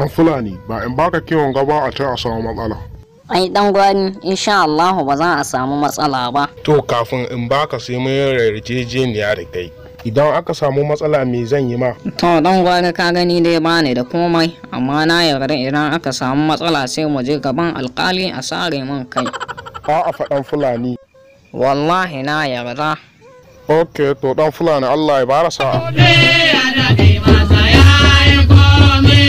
dan fulani ba in baka kiwon gaba a ta a samu matsala ai dan gwani insha Allah ba za a samu matsala ba to kafin in baka sai mun yarjejeniya da kai idan aka samu matsala me zan yi ma to dan gwani ka gani dai bani da komai amma na yarda idan aka samu matsala sai mu je gaban alkali a sare man kai ba a faɗan fulani wallahi na yarda ok to dan fulani Allah ya bara sa'a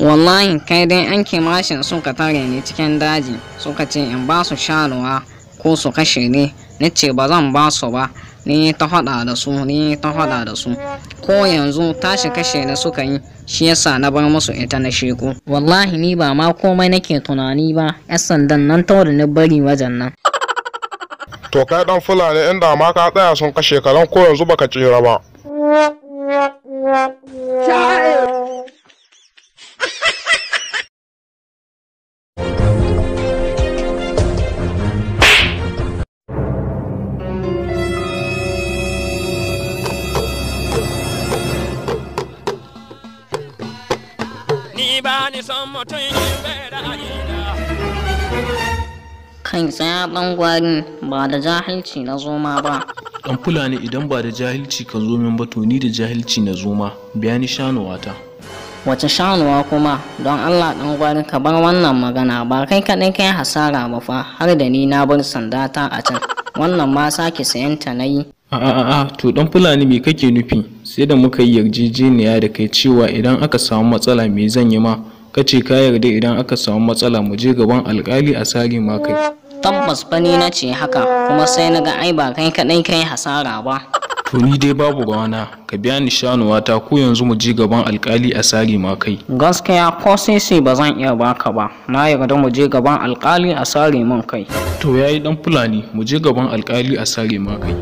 wallahi kai dai an kimashin suka tare ni cikin daji suka ce in ba su shanuwa ko su kashe ni na ce ba zan ba su ba ni ta faɗa da su ni ta faɗa da su ko yanzu tashi kashe da suka yi shi yasa na bar musu ita na sheku wallahi ni ba ma komai nake tunani ba yan sandan nan ta ni bari wajen nan to kai dan fulani inda ma ka tsaya sun kashe kalan ko yanzu baka tsira ba Kan tsaya gwari ba da jahilci na zoma ba. Ɗan Fulani idan ba da jahilci ka zo min ba to ni da jahilci na zoma bayani ta. Wace shanuwa kuma don Allah ɗan gwari ka bar wannan magana ba kai kaɗai kai hasara ba fa har da ni na bar sanda ta a can wannan ma sake sayan ta na yi. A'a to ɗan Fulani me kake nufi? sai da muka yi yarjejeniya da kai cewa idan aka samu matsala me zan yi ma ka ce ka yarda idan aka samu matsala mu je gaban alkali a sare ma kai tabbas bani na ce haka kuma sai na ga ai ba kai kaɗai kai hasara ba to ni dai babu rana ka biya ni ta ko yanzu mu je gaban alkali a sare ma kai gaskiya ko sai ba zan iya baka ba na yarda mu je gaban alkali a sare min kai to yayi dan fulani mu je gaban alkali a sare ma kai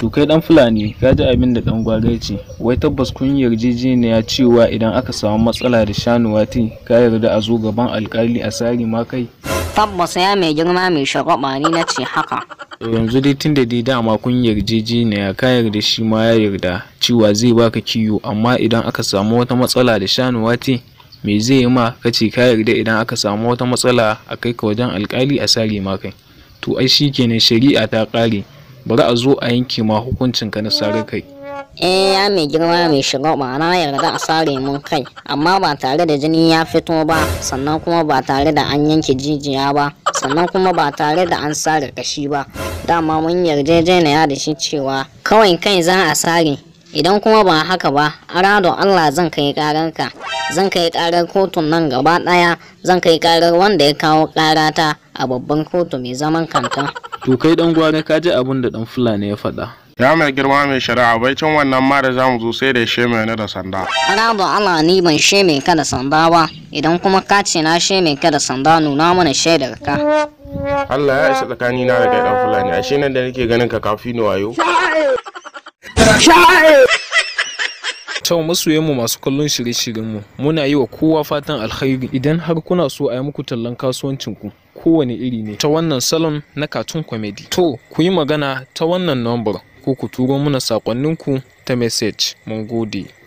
To kai ɗan Fulani, ka ji abin da ɗan Gwagai ce, wai tabbas kun ne yarjejeniya cewa idan aka samu matsala da shanuwati ka yarda a zo gaban alkali a sari ma kai? Tabbas ya mai girma mai shagwaba ni na ce haka. Yanzu dai tun da dai dama kun yarjejeniya ka yarda shi ma ya yarda cewa zai baka kiyo amma idan aka samu wata matsala da shanuwati me zai yi ma kace ka yarda idan aka samu wata matsala a kai ka wajen alkali a sare ma kai. To ai shi kenan shari'a ta ƙare. bari a zo a yanke ma hukuncin ka na sare kai eh ya mai girma mai shiga ma'ana yarda a sare mun kai amma ba tare da jini ya fito ba sannan kuma ba tare da an yanke jijiya ba sannan kuma ba tare da an sare kashi ba dama mun yarjejeniya da shi cewa kawai kai za a sare idan kuma ba haka ba arado allah zan kai ka zan kai karar kotun nan gaba daya zan kai karar wanda ya kawo karata a babban kotu mai zaman kanta To kai dan gwari ka ji abin da dan Fulani ya faɗa. Ya mai girma mai shari'a bai cin wannan ma da zamu zo sai da sheme ne da sanda. ba Allah ni ban sheme ka da sanda ba idan kuma ka ce na sheme ka da sanda nuna mana shaidar ka. Allah ya isa tsakani na da kai dan Fulani ashe nan da nake ganin ka kafi ni wayo. Tau masoyanmu masu kallon shirye mu muna yi wa kowa fatan alkhairi idan har kuna so a yi muku tallan kasuwancinku kowane iri ne ta wannan salon na katun comedy to ku yi magana ta wannan number ko ku turo mana sakonninku ta message mun gode